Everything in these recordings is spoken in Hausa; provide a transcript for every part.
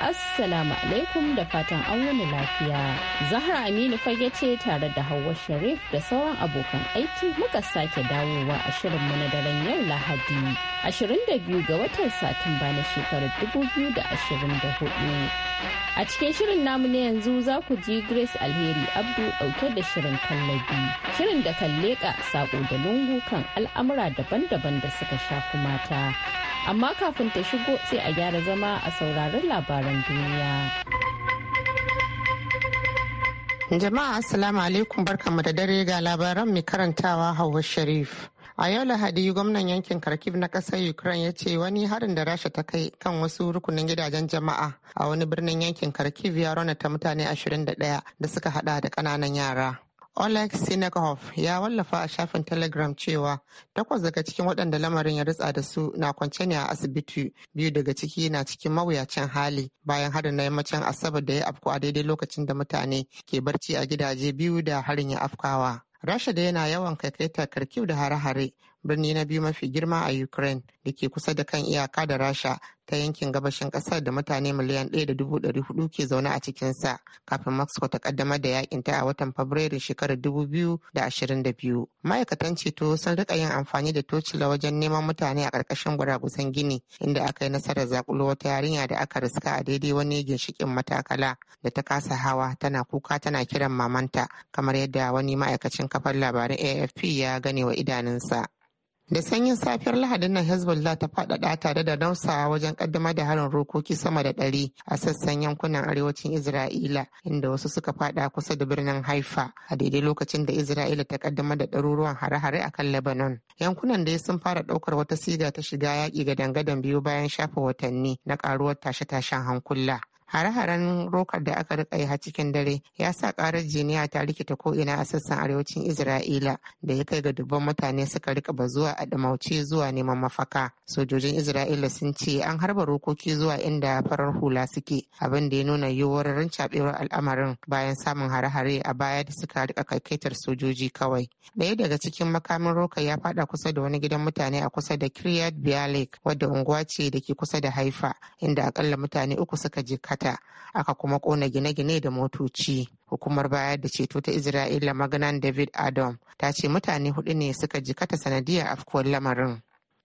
Assalamu alaikum da fatan an wani lafiya. Zahra Aminu fage ce tare da Hauwa Sharif da sauran abokan aiki muka sake dawowa a shirinmu na daren yau Lahadi. 22 ga watan Satumba na shekarar 2024. A cikin shirin namu na yanzu za ku ji Grace Alheri Abdu ɗauke da shirin kallabi. Shirin da kan leƙa saƙo da lungu kan al'amura daban-daban da suka shafi mata. amma kafin ta shigo sai a gyara zama a sauraron labaran duniya. Jama'a Assalamu alaikum barkamu da dare ga labaran mai karantawa Hauwa Sharif. A yau Lahadi gwamnan yankin Kharkiv na ƙasar Ukraine ya ce wani harin da Rasha ta kai kan wasu rukunin gidajen jama'a a wani birnin yankin Kharkiv ya ta mutane 21 da suka hada da ƙananan yara. Oleg Senegov ya wallafa a shafin Telegram cewa takwas daga cikin waɗanda lamarin ya ritsa da su na kwance ne a asibiti biyu daga ciki na cikin mawuyacin hali bayan harin na yammacin Asabar da ya afku a daidai lokacin da mutane ke barci a gidaje biyu da harin ya afkawa. Rasha da yana yawan kaikaitar karkiw da hare-hare birni na biyu mafi girma a Ukraine da ke kusa da kan iyaka da Rasha ta yankin gabashin kasar da mutane miliyan 1.400 ke zaune a cikinsa kafin mexico ta kaddamar da yakin ta a watan fabrairu shekarar 2022 ma'aikatan ceto sun rika yin amfani da tocila wajen neman mutane a karkashin guragusan gini inda aka yi nasarar zakulo wata yarinya da aka riska a daidai wani ginshikin matakala da ta kasa hawa tana kuka tana kiran mamanta kamar yadda wani ma'aikacin kafar labaran afp ya gane wa idanunsa da sanyin safiyar lahadin nan hezbollah ta faɗaɗa tare da nausawa wajen ƙaddamar da harin rokoki sama da ɗari a sassan yankunan arewacin isra'ila inda wasu suka faɗa kusa da birnin haifa a daidai lokacin da isra'ila ta ƙaddamar da ɗaruruwan hare-hare a kan lebanon yankunan dai sun fara ɗaukar wata siga ta shiga yaƙi ga dangadan biyu bayan shafe watanni na ƙaruwar tashe-tashen hankula Hare-haren rokar da aka rika yi har cikin dare ya sa karar jiniya ta rikita ko'ina a sassan arewacin Isra'ila da ya kai ga dubban mutane suka rika bazuwa a damauce zuwa neman mafaka. Sojojin Isra'ila sun ce an harba rokoki zuwa inda farar hula suke abin da ya nuna yiwuwar rancabewar al'amarin bayan samun hare-hare a baya da suka rika kaikaitar sojoji kawai. Ɗaya daga cikin makamin rokar ya fada kusa da wani gidan mutane a kusa da Kiryat Bialik wadda unguwa ce da ke kusa da Haifa inda akalla mutane uku suka je lalata aka kuma kona gine-gine da motoci. Hukumar bayar da ceto ta Isra'ila maganan David Adam ta ce mutane hudu ne suka jikata sanadiyar afkuwar lamarin.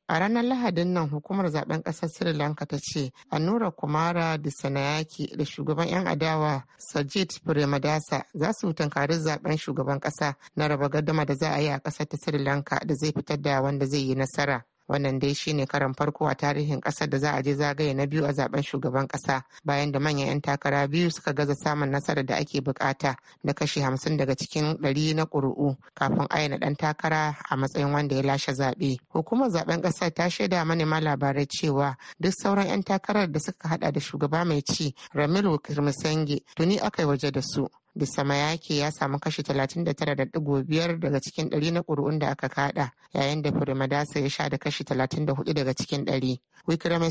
A ranar Lahadin nan hukumar zaben ƙasar Sri Lanka ta ce Anura Kumara da Sanayaki da shugaban 'yan adawa Sajid Premadasa za su tunkari zaben shugaban ƙasa na raba gardama da za a yi a ƙasar ta Sri Lanka da zai fitar da wanda zai yi nasara. Wannan dai shine karan farko a tarihin ƙasar da za a je zagaye na biyu a zaben shugaban ƙasa bayan da manyan 'yan takara biyu suka gaza samun nasara da ake bukata da kashi hamsin daga cikin ɗari na ƙuri'u kafin ayyana ɗan takara a matsayin wanda ya lashe zaɓe. Hukumar zaben ƙasar ta shaida manema labarai cewa duk sauran 'yan takarar da suka hada da shugaba mai ci Ramilu Kirmisenge tuni aka yi waje da su. bisama yake ya samu kashi 39.5 daga cikin 100 na ƙuri'un da aka kada yayin da firimadasa ya sha da kashi 34 daga cikin 100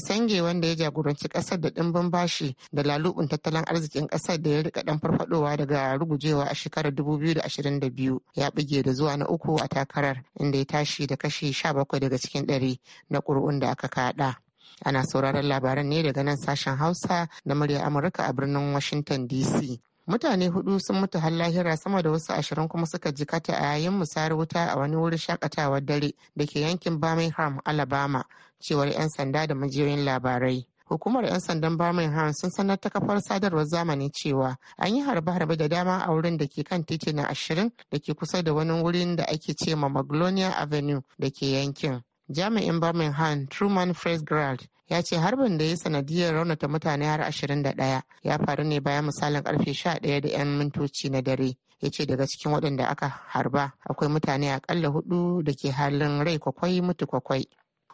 Sange wanda ya jagoranci ƙasar da ɗimbin bashi da lalubin tattalin arzikin ƙasar da ya rika dan farfadowa daga rugujewa a shekarar 2022 ya bige da zuwa na uku a takarar inda ya tashi da kashi 17 daga cikin 100 na ƙuri'un da aka kada ana sauraron labaran ne daga nan sashen hausa na murya amurka a birnin washington dc mutane hudu sun mutu har lahira sama da wasu ashirin kuma suka jikata a yayin musayar wuta a wani wurin shakatawar dare da ke yankin birmingham alabama cewar 'yan sanda da majiyoyin labarai hukumar 'yan sandan birmingham sun sanar ta kafar sadarwar zamani cewa an yi harbe-harbe da dama a wurin da ke kan titi na ashirin da ke kusa da wani wurin da ake ce ma maglonia avenue da ke yankin jami'in birmingham truman Grant ya ce harbin da ya sanadiyar raunata mutane har 21 ya faru ne bayan misalin karfe 11 da 'yan mintoci na dare ya ce daga cikin waɗanda aka harba akwai mutane akalla hudu da ke halin rai kwakwai mutu kwakwai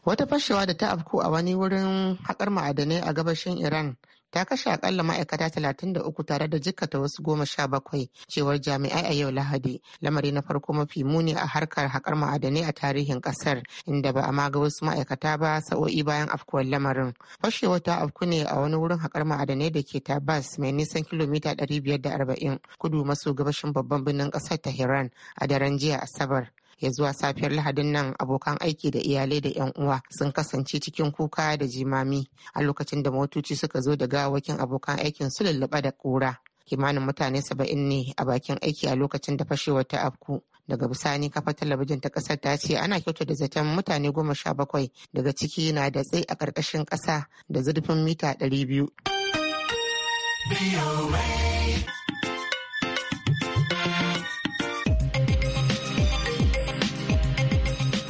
wata fashewa da ta afku a wani wurin haƙar ma'adanai a gabashin iran ta kashe akalla ma'aikata talatin da uku tare da jikkata wasu goma sha bakwai cewar jami'ai a yau lahadi lamari na farko mafi muni a harkar haƙar ma'adanai a tarihin ƙasar inda ba a maga wasu ma'aikata ba sa'o'i bayan afkuwar lamarin fashewa ta afku ne a wani wurin haƙar ma'adanai da ke tabas mai nisan kilomita ɗari biyar da arba'in kudu maso gabashin babban birnin ƙasar tehran a daren jiya asabar ya zuwa safiyar lahadin nan abokan aiki da iyalai da 'yan uwa sun kasance cikin kuka da jimami a lokacin da motoci suka zo da gawakin abokan aikin su lullube da kura kimanin mutane saba'in ne a bakin aiki a lokacin da fashewar ta afku daga bisani kafa talabijin ta kasar ta ce ana kyauta da zaton mutane goma sha bakwai daga ciki na da tsaye a ƙarƙashin ƙasa da zurfin mita ɗari biyu.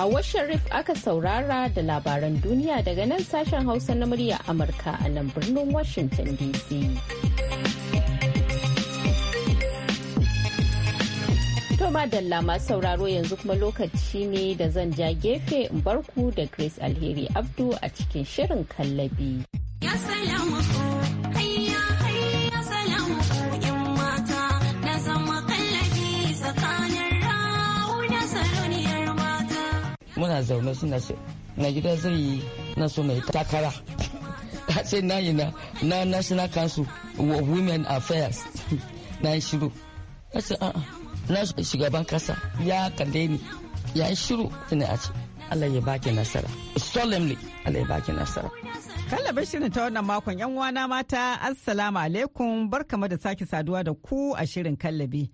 a Hauwa Sharif aka saurara da labaran duniya daga nan sashen Hausa na murya Amurka a nan birnin Washington DC. kuma da masu sauraro yanzu kuma lokaci ne da zan ja gefe in barku da Grace Alheri Abdu a cikin shirin kallabi. Ya muna zaune suna ce na gida zai yi na so mai takara ta ce na yi na national council of women affairs na yi shiru na ce a'a na shugaban kasa ya kalle ni ya yi shiru tuni a ce Allah ya baki nasara solemnly Allah ya baki nasara Kallabin shirin ta wannan makon yan uwana mata assalamu alaikum barkamu da sake saduwa da ku a shirin kallabi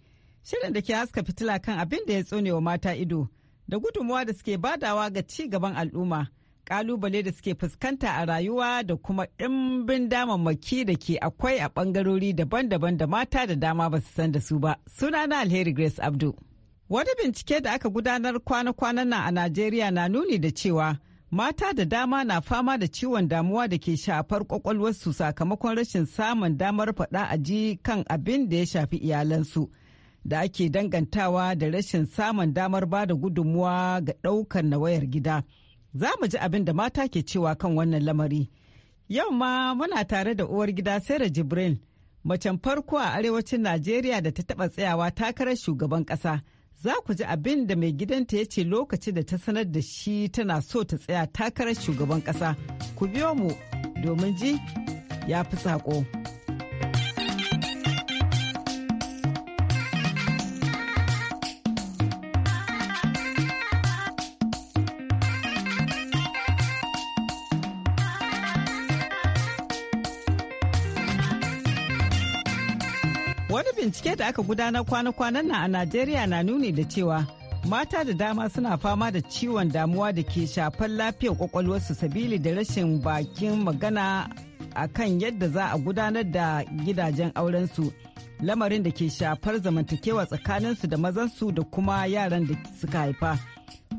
shirin da ke haska fitila kan abin da ya tsone wa mata ido da gudunmuwa da suke badawa ga ci gaban al'umma kalubale da suke fuskanta a rayuwa da kuma ɗimbin damammaki da ke akwai a ɓangarori daban-daban da mata da dama ba su san da su ba suna na alheri grace abdu wani bincike da aka gudanar kwana-kwanan nan a najeriya na nuni da cewa mata da dama na fama da ciwon damuwa da ke shafar kwakwalwarsu sakamakon rashin samun damar faɗa a ji kan abin da ya shafi iyalansu. da ake dangantawa da rashin samun damar ba da gudunmuwa ga ɗaukar na wayar gida. Za mu ji abin da mata ke cewa kan wannan lamari. Yau ma muna tare da uwar gida Sarah Jibril, macen farko a arewacin Najeriya da ta taɓa tsayawa takarar shugaban ƙasa. Za ku ji abin da mai gidanta ya ce lokacin da ta sanar da shi tana so ta tsaya takarar shugaban ƙasa. Ku biyo mu domin ji ya fi saƙo. bincike da aka gudanar kwana-kwanan nan a Najeriya na nuni da cewa mata da dama suna fama da ciwon damuwa da ke shafar lafiyar kwakwalwarsu sabili da rashin bakin magana a kan yadda za a gudanar da gidajen aurensu lamarin da ke shafar zamantakewa tsakaninsu da mazansu da kuma yaran da suka haifa.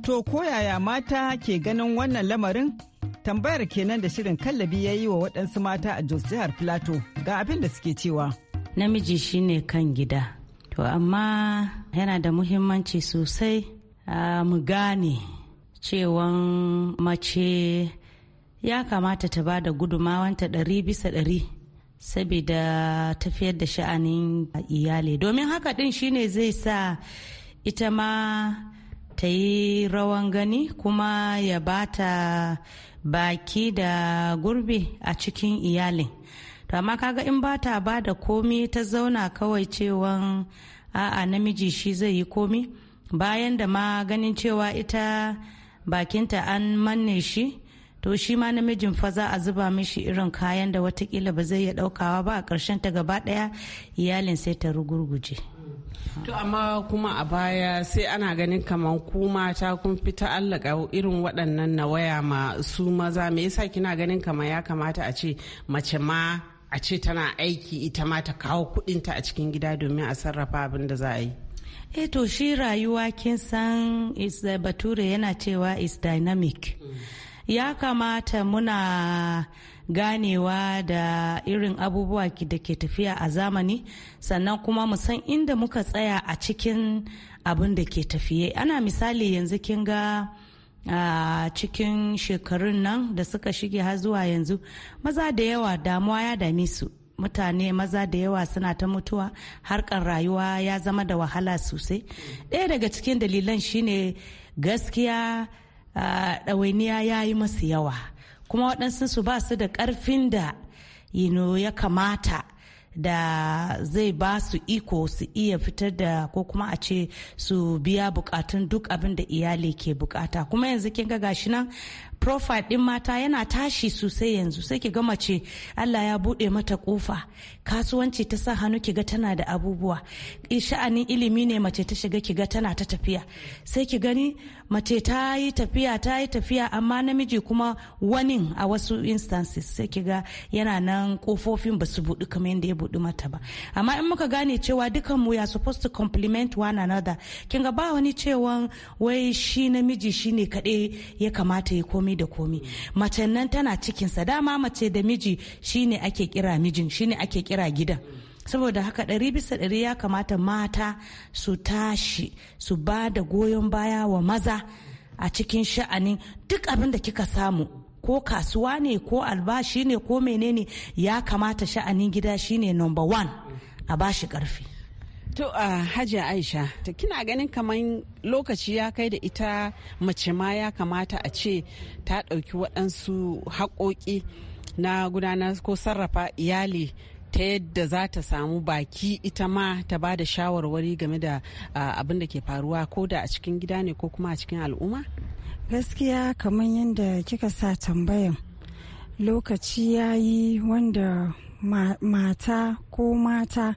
To koyaya mata ke ganin wannan lamarin? Tambayar kenan da shirin kallabi ya yi wa waɗansu mata a Jos jihar Plateau ga abin da suke cewa. namiji shine kan gida to amma yana da muhimmanci sosai mu gane cewan mace ya kamata ta ba da gudumawanta ɗari bisa ɗari saboda tafiyar da sha'anin iyali domin haka ɗin shine zai sa ita ma ta yi rawan gani kuma ya bata baki da gurbi a cikin iyalin to amma kaga in ba ta ba da komi ta zauna kawai cewan a'a namiji shi zai yi komi bayan da ma ganin cewa ita bakinta an manne shi to shi ma namijin fa za a zuba mishi irin kayan da watakila ba zai iya daukawa ba a karshen ta gaba ɗaya iyalin sai ta rugurguje. To amma kuma a baya sai ana ganin kamar ku mata kun fi ta'allaka irin waɗannan na waya ma su maza me yasa kina ganin kamar ya kamata a ce mace ma a ce tana aiki ita ma ta kawo kudinta a cikin gida domin a sarrafa abin da za a yi e to shi rayuwa kin san eh, bature yana cewa is dynamic mm. ya kamata muna ganewa da irin abubuwa da ke tafiya a zamani sannan kuma mu san inda muka tsaya a cikin abin da ke tafiye ana misali yanzu kin ga a cikin shekarun nan da suka shige har zuwa yanzu maza da yawa damuwa ya dami su mutane maza da yawa suna ta mutuwa harkar rayuwa ya zama da wahala sosai ɗaya daga cikin dalilan shine gaskiya ɗawainiya ya yi masu yawa kuma waɗansu su ba su da ƙarfin da ya kamata da zai ba su iko su iya fitar da ko kuma a ce su biya bukatun duk abin da iyali ke bukata kuma yanzu kin ga gashi nan profile din mata yana tashi sosai yanzu sai ki ga mace Allah ya bude mata kofa kasuwanci ta sa hannu ki ga tana da abubuwa sha'anin ilimi ne mace ta shiga ki ga tana ta tafiya sai ki gani mace ta yi tafiya ta yi tafiya amma namiji kuma wani a wasu instances sai kiga yana nan kofofin ba su budu kamar yadda ya buɗu mata ba amma in muka gane cewa dukan mu ya supposed to compliment one another kin ga ba wani cewa wai shi namiji ne kaɗai ya kamata ya komi da komi mace nan tana cikinsa dama mace da miji shine ake kira mijin shine ake kira gidan saboda haka ɗari bisa ɗari ya kamata mata su tashi su ba da goyon baya wa maza a cikin sha'anin duk abin da kika samu ko kasuwa ne ko albashi ne ko menene ya kamata sha'anin gida shine number one a bashi karfi to a hajiya aisha ta kina ganin kamar lokaci ya kai da ita mace ma ya kamata a ce ta ɗauki waɗansu haƙoƙi na gudanar ko sarrafa iyali ta yadda za ta samu baki ita ma ta ba da shawarwari game da abin da ke faruwa ko da a cikin gida ne ko kuma a cikin al'umma? Gaskiya kamar yadda kika sa tambayan lokaci ya yi wanda mata ko mata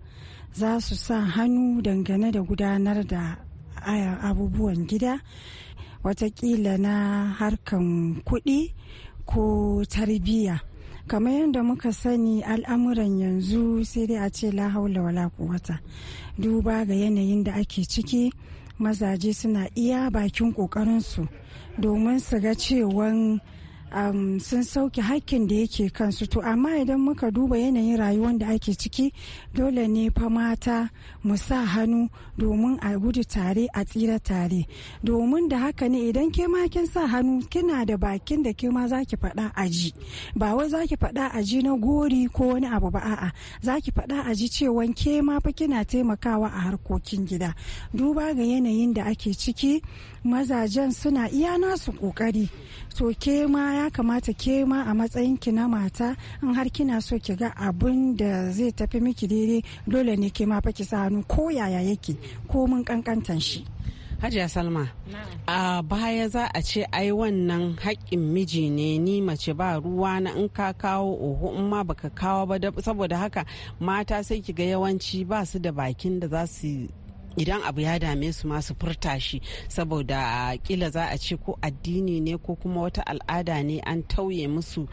za su sa hannu dangane da gudanar da abubuwan gida watakila na harkan kuɗi ko tarbiyya. kamar yadda muka sani al'amuran yanzu sai dai a ce la haula wala kuwata duba ga yanayin da ake ciki mazaje suna iya bakin kokarinsu domin su ga cewan um, sun sauke haƙƙin da yake kansu to amma idan muka duba yanayin rayuwar da ake ciki dole ne fa mata mu sa hannu domin a gudu tare a tsira tare domin da haka ne idan ke ma kin sa hannu kina da bakin da ke ma za ki faɗa ji ba wai za ki faɗa ji na gori ko wani abu ba a'a za ki faɗa aji cewa ke ma fa kina taimakawa a harkokin gida duba ga yanayin da ake ciki mazajen suna iya nasu ƙoƙari to ke ma ya kamata ke ma a matsayin ki na mata in har kina so ki ga abun da zai tafi miki daidai dole ne ke ma fa ki sa hannu ko yaya yake ko mun kankantan shi Hajiya Salma, a baya za a ce ai wannan haƙƙin miji ne ni mace ba ruwa na in ka kawo oho in ma baka kawo ba saboda haka mata sai ki ga yawanci ba su da bakin da za su idan abu ya dame su masu furta shi saboda kila za a ce ko addini ne ko kuma wata al'ada ne an tauye musu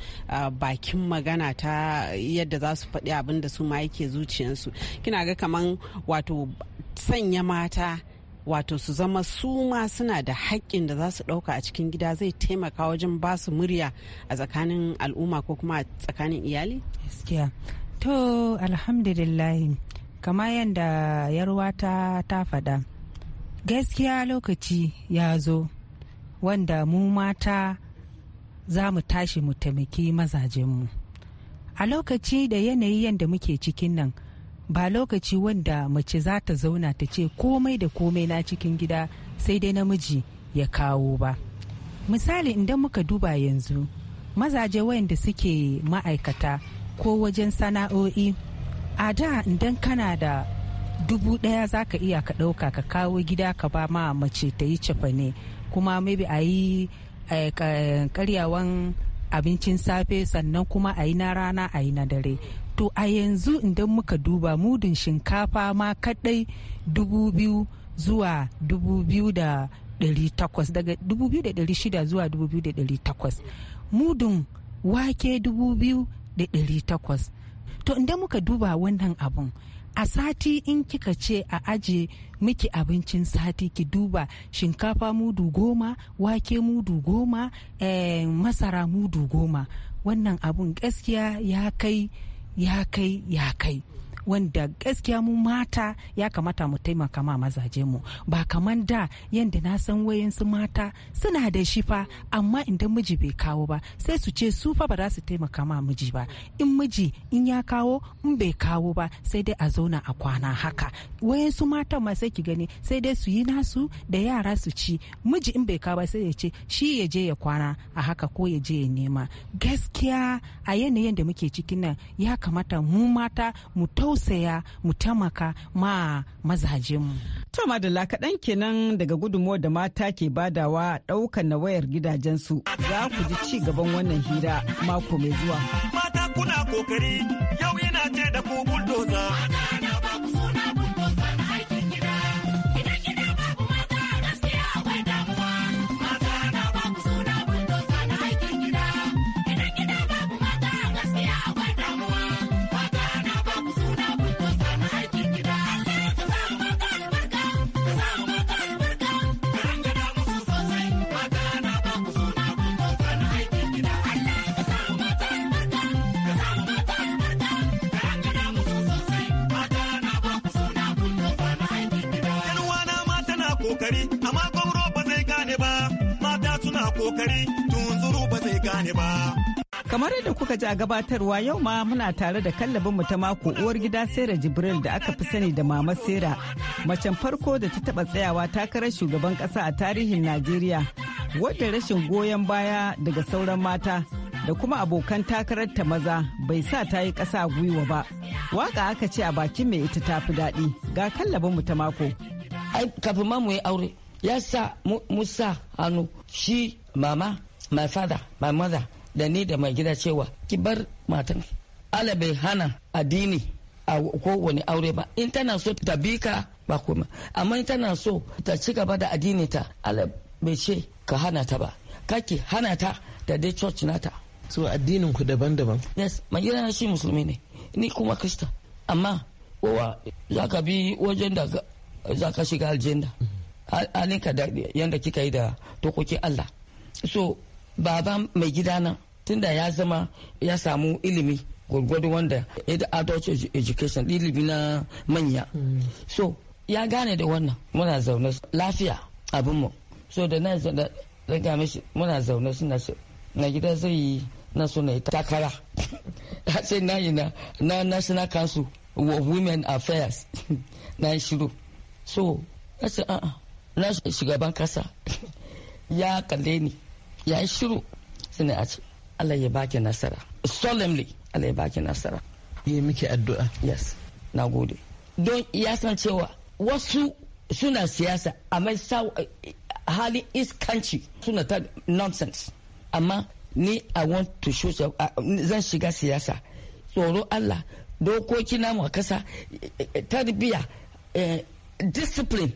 bakin magana ta yadda za su faɗi abin da su ma yake zuciyarsu kina ga kaman wato sanya mata wato su zama su ma suna da haƙƙin da za su ɗauka a cikin gida zai taimaka wajen ba su murya a tsakanin al'umma ko kuma tsakanin iyali? gaskiya to alhamdulillahi. kama yadda yarwata ta faɗa gaskiya lokaci ya zo wanda mu mata za mu tashi mu taimaki mazajenmu a lokaci da yanayi yadda muke cikin nan ba lokaci wanda mace za ta zauna ta ce komai da komai na cikin gida sai dai namiji ya kawo ba misali idan muka duba yanzu mazaje wayanda suke ma'aikata ko wajen sana'o'i a da idan kana da dubu daya za ka iya ka ɗauka ka kawo gida ka ba ma mace ta yi cefane kuma maybe a yi eh, karyawan abincin safe sannan kuma a yi na rana a yi na dare to a yanzu idan muka duba mudun shinkafa ma kadai dubu biyu zuwa dubu biyu da ɗari takwas daga dubu biyu da ɗari shida zuwa dubu biyu da ɗari takwas mudun wake dubu biyu da ɗari takwas to inda muka duba wannan abun a sati in kika ce a aje miki abincin sati ki duba shinkafa mudu goma wake mudu goma eh, masara mudu goma wannan abun gaskiya ya kai ya kai ya kai wanda gaskiya mu mata ya kamata mu taimaka ma mazaje mu ba kaman da yanda na san wayansu mata suna da shi fa amma idan miji bai kawo ba sai su ce su fa ba za su taimaka ma miji ba in miji in ya kawo in bai kawo ba sai dai a zauna a kwana haka wayansu mata ma sai ki gani sai dai su yi nasu da yara su ci miji in bai kawo ba sai ya ce shi ya je ya kwana a haka ko ya je ya nema gaskiya a yanayin da muke cikin nan ya kamata mu mata mu tausa tausaya mu tamaka ma mazajenmu. To madalla kaɗan kenan daga gudunmuwar da mata ke badawa ɗaukar na wayar gidajensu za ku ji ci gaban wannan hira mako mai zuwa. Mata kuna kokari yau yana ce da ku ba. Kamar yadda kuka ji a gabatarwa yau ma muna tare da kallabin mu ta mako uwar gida Sera Jibril da aka fi sani da Mama Sera, macen farko da ta taba tsayawa takarar shugaban kasa a tarihin Najeriya, wadda rashin goyon baya daga sauran mata da kuma abokan takarar ta maza bai sa ta yi kasa gwiwa ba. Waka aka ce a bakin mai ita tafi daɗi ga kallabinmu ta mako. Ai, kafin ma mu yi aure, ya sa musa hannu shi mama my father my mother da ni da mai gida cewa ki bar matan ala bai hana addini a kowane aure ba in tana so ta bi ba kuma amma in tana so ta ci gaba da addini ta ala bai ce ka hana ta ba kaki hana ta da dai church nata so addinin ku daban-daban yes mai gida na shi musulmi ne ni kuma krista amma kowa za ka bi wajen da za ka shiga aljanna mm-hmm. alinka da yadda kika yi da tokokin allah so baba mai gida nan tunda ya zama ya samu ilimi gwargwado wanda ya adult education ilimi na manya mm. so ya gane da wannan muna zaune lafiya abinmu so da nan da daga mishi muna zaune suna na gida zai yi na suna yi takara sai na yi na national council of women affairs na shiru so na shi a'a na shugaban kasa ya kalle ni ya yi shiru shine a ce Allah ya baki nasara solemnly Allah ya baki nasara yi miki addu'a yes na gode don ya san cewa wasu suna siyasa amma hali iskanci suna ta nonsense amma ni i want to show uh, zan shiga siyasa tsoro Allah dokoki namu a kasa eh, eh, tarbiya eh, discipline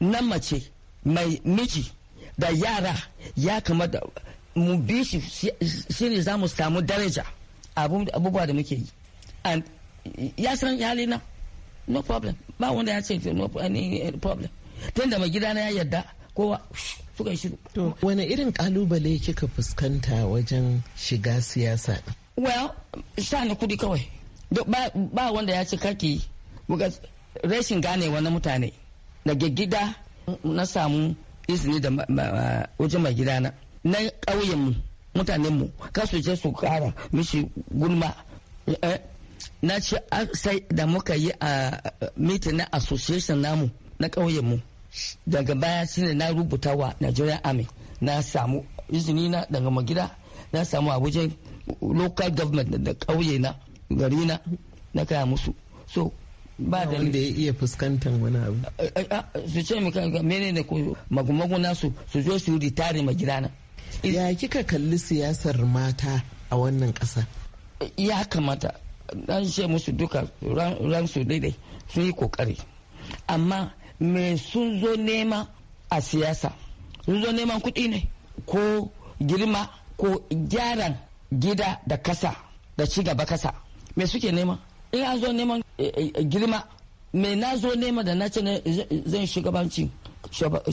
na mace mai miji da yara ya kamata mu bi shi shi ne za mu samu daraja abubuwa da muke yi and ya san yali na no problem ba wanda ya ce no problem tun da mai gidana ya yarda kowa suka yi shiru to wani irin kalubale kika fuskanta wajen shiga siyasa well sha na kudi kawai ba wanda ya ce kake rashin ganewa na mutane daga gida na samu izini da wajen mai gidana na ƙauyenmu mutanenmu mu su je su kara mishi gulma eh, na ce sai da muka yi a mitin na association namu na ƙauyenmu daga baya shine na rubuta wa nigeria army na samu izini na daga magida na samu abuja local government da ƙauye na gari na na kaya musu so ba da wanda ya iya fuskantar wani abu su ce mene ne ko magumagu nasu su zo su yi tare ma gidana ya kika kalli siyasar mata a wannan kasa ya kamata dan ce musu duka ran su daidai sun yi kokari amma me sun zo nema a siyasa sun zo neman kuɗi ne ko girma ko gyaran gida da kasa da ci gaba kasa me suke nema in eh, an zo neman eh, eh, girma me na zo nema da na ce zan shugabanci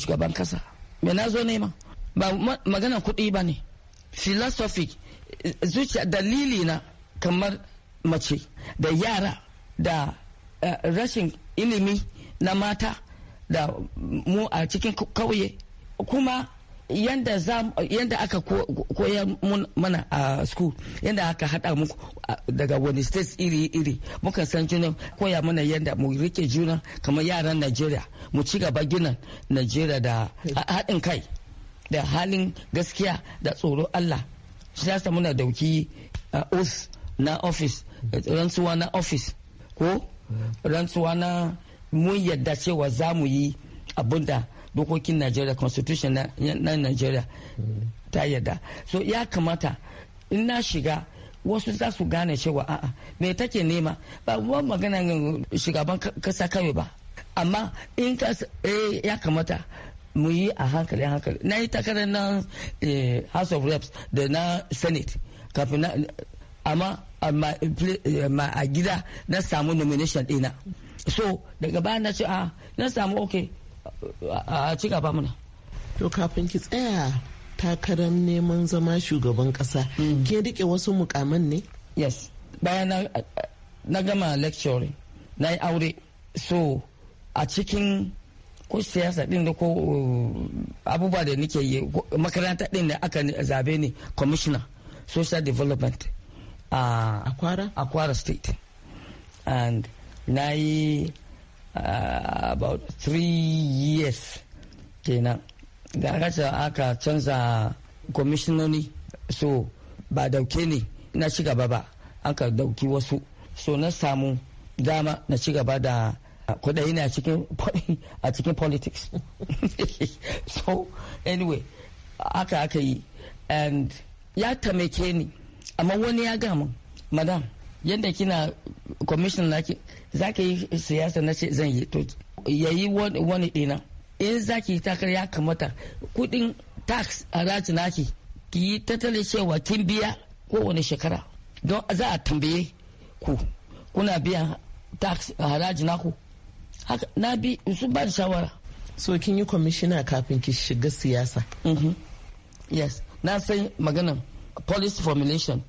shugaban kasa me na zo nema ba magana kuɗi ba ne philosophy zuciya dalili na kamar mace da yara da rashin ilimi na mata da mu a cikin kauye kuma yanda aka koya mana a school yanda aka hada muku daga wani states iri-iri muka san juna koya mana yanda mu rike juna kamar yaran Najeriya mu ci gaba gina Najeriya da haɗin kai da halin gaskiya da tsoro Allah shi yasa muna dauki oath na office rantsuwa na office ko rantsuwa na mun yadda cewa za mu yi abinda dokokin najeriya constitution na najeriya ta yarda so ya kamata in na shiga wasu za su gane cewa a'a me take nema ba wani magana shugaban kasa kawai ba amma in ka eh, ya kamata mu yi a hankali hankali na yi takarar na eh, house of reps da na senate kafin na amma a eh, gida na samu nomination dina so daga baya na ce a na samu ok a ci gaba muna to kafin ki tsaya takarar neman zama shugaban kasa mm. ke rike wasu mukaman ne yes bayan na gama lecturing na yi aure so a cikin ko siyasa din da ko uh, abubuwa da nake yi makaranta din da aka zabe ne commissioner social development a kwara state and na yi Ah, about three years kenan da aka aka canza kwamishinoni so ba dauke ne na ci gaba ba aka dauki wasu so na samu dama na ci gaba da kudai ne a cikin politics so anyway aka aka yi and ya tamake ni amma wani ya gama madam yadda kina commission ki za ka yi siyasa na ce zan yi to ya yi wani dina in za ki yi takar ya kamata kudin tax a rati naki ki yi tattalin cewa kin biya kowane shekara don za a tambaye ku kuna biyan tax haraji naku haka na bi su ba da shawara so kin yi kwamishina kafin ki shiga siyasa mm-hmm. yes na san maganan policy formulation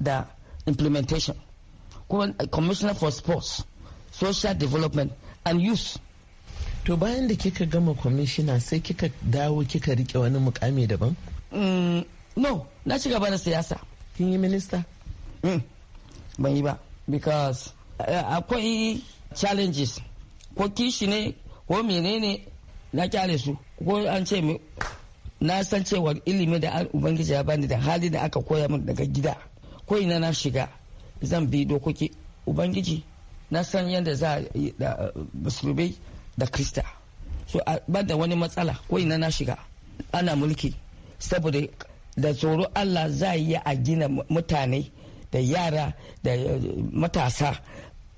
da implementation commissioner for sports social development and youth to bayan da kika gama Commissioner sai kika dawo kika rike wani mukami daban mm, no na ci gaba da siyasa kin yi minista mm, ban yi ba because eh, akwai challenges ko kishi ne ko menene na kyale su ko an ce na san cewa ilimi da ubangiji ya bani da hali da aka koya min daga gida ko ina na shiga zan bi dokoki ubangiji na san yadda za a da eh, musulmai da krista so a bada wani matsala ko ina na shiga ana mulki saboda da tsoro allah za a yi a gina mutane da yara da eh, matasa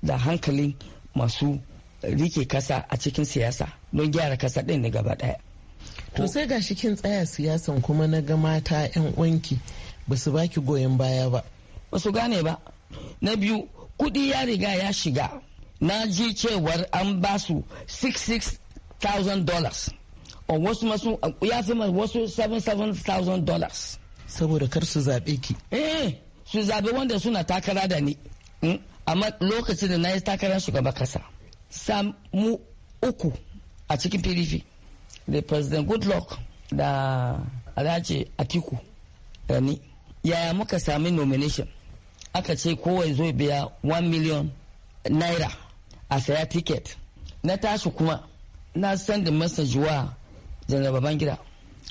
da hankalin masu rike kasa a cikin siyasa don gyara kasa ɗin da gaba ɗaya to sai ga kin tsaya siyasan kuma na ga mata 'yan uwanki ba su baki goyon baya ba ba su gane ba na biyu kudi ya riga ya shiga na ji cewar an ba su $66,000 a wasu masu ya fi wasu $77,000 saboda kar su zaɓe ki eh su zaɓe wanda suna takara da ni hmm? amma lokacin da na yi takarar shugaba kasa samu uku a cikin pdp da president goodluck da alhaji atiku da ni yaya muka sami nomination aka ce kowai zai biya 1 million naira a saya tiket na tashi kuma na sanda message wa janar gida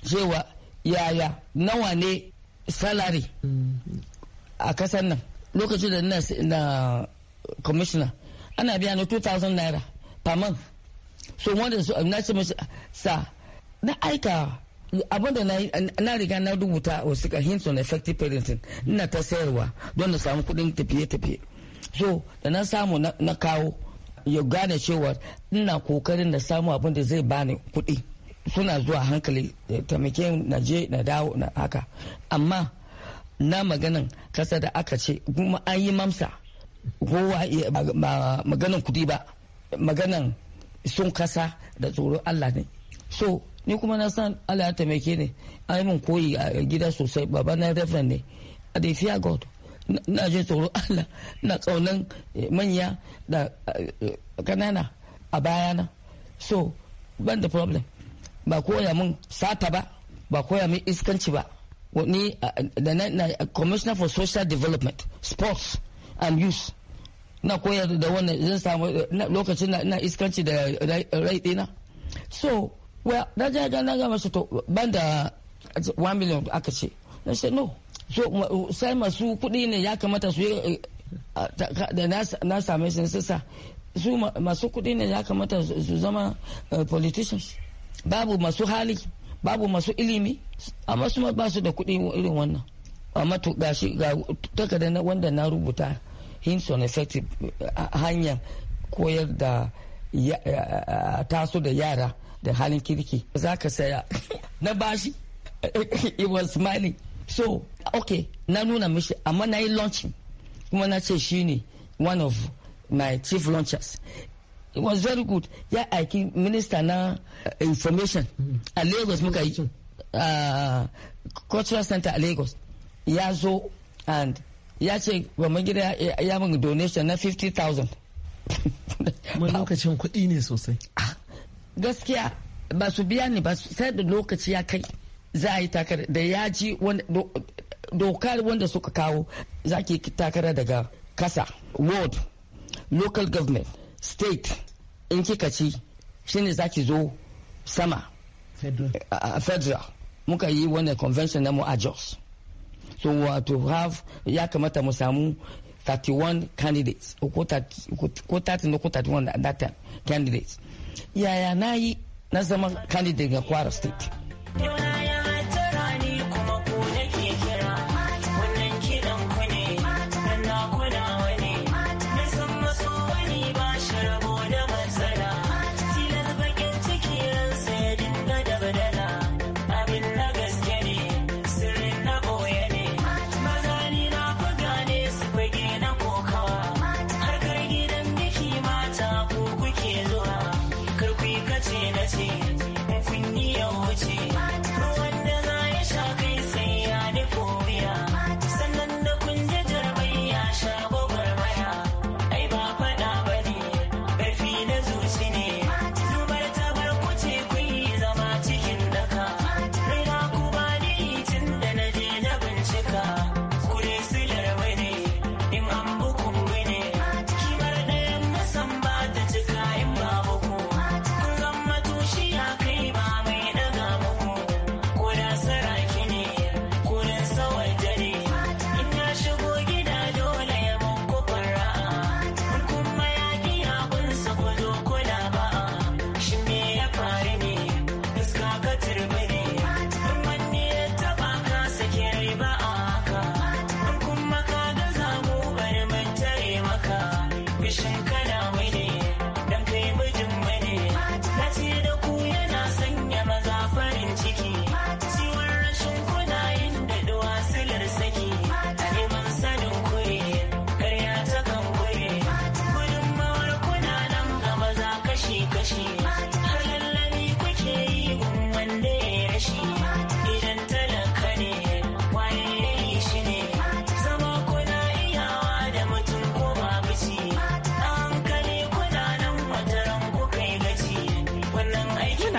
cewa yaya nawa ne salary a kasar nan lokacin da na, na commissioner ana biya na 2000 naira per month so wanda su na ce sa na aika abin da na riga na rubuta wasu hints on effective parenting ina ta sayarwa don na samu kuɗin tafiye-tafiye so da na samu na kawo ya gane cewa ina kokarin na samu abin da zai bani kudi suna zuwa hankali taimake na je na dawo na haka amma na maganan kasa da aka ce kuma an yi mamsa kowa maganan kudi ba maganan sun kasa da tsoron allah ne so ni kuma na san Allah ya taimake ni an yi min koyi a gida sosai baba na reverend ne a dey fear god na je tsoro Allah na tsaunan eh, manya da eh, kanana a bayana so ban da problem ba koya min sata ba ba koya min iskanci ba ni da na commissioner for social development sports and youth na koyar da wannan zan samu eh, lokacin na iskanci da rai dina so well na je ga na ga masu to ban da 1 million aka ce na ce no so sai masu kuɗi ne ya kamata su yi eh, da na same su sa su masu kuɗi ne ya kamata su zama eh, politicians babu masu hali babu masu ilimi amma su ba su da kuɗi irin wannan amma to gashi ga takardar wanda na rubuta hints on effective eh, hanyar koyar da taso da yara da halin kirki za ka saya na bashi it was money so okay na nuna mishi amma na yi launching kuma na ce shi ne one of my chief launchers it was very good ya aiki minista na eh, information a lagos muka yi ah, cultural center a lagos ya zo and ya ce gwamnan gida ya min donation na 50,000 lokacin kuɗi ne sosai ah, gaskiya ba su biya ni ba sai da lokaci ya kai za a yi takara da ya ji dokar wanda suka kawo za ke takara daga kasa ward local government state in kika ci shine za ki zo sama federal muka yi wani convention na mu a jos so to have ya kamata mu samu 31 candidates ko 30 ko 31 at that time candidates yaya na yi na zama candidate ga kwara state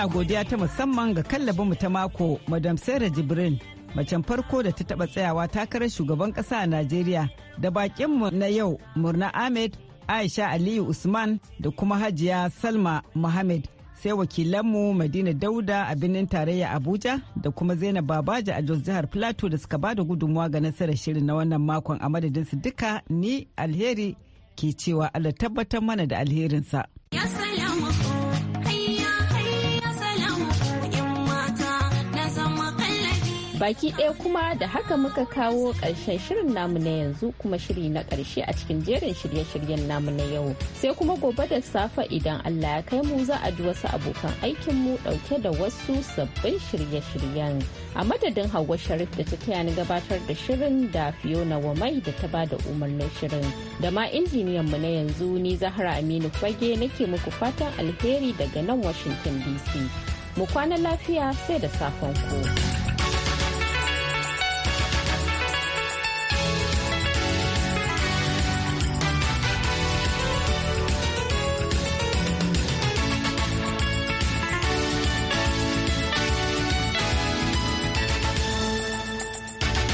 godiya ta musamman ga kallabinmu ta mako madam sarah jibril macen farko da ta taba tsayawa takarar shugaban kasa a najeriya da bakinmu na yau murna ahmed aisha aliyu usman da kuma hajiya salma muhammad sai wakilanmu madina dauda a birnin tarayya abuja da kuma zainab babaji a jos jihar plateau da suka bada gudunmuwa ga nasarar shirin na wannan makon a madadinsu duka ni alheri ke cewa allah tabbatar mana da alherinsa. Yes, baki ɗaya kuma da haka muka kawo ƙarshen shirin namu na yanzu kuma shiri na ƙarshe a cikin jerin shirye-shiryen namu na yau sai kuma gobe da safe idan allah ya kai mu za a ji wasu abokan aikinmu ɗauke da wasu sabbin shirye-shiryen a madadin hawa sharif da ta taya ni gabatar da shirin da fiona wamai da ta bada umarnin shirin da ma injiniyan mu na yanzu ni zahra aminu fage nake muku fatan alheri daga nan washington dc mu kwana lafiya sai da safen ku.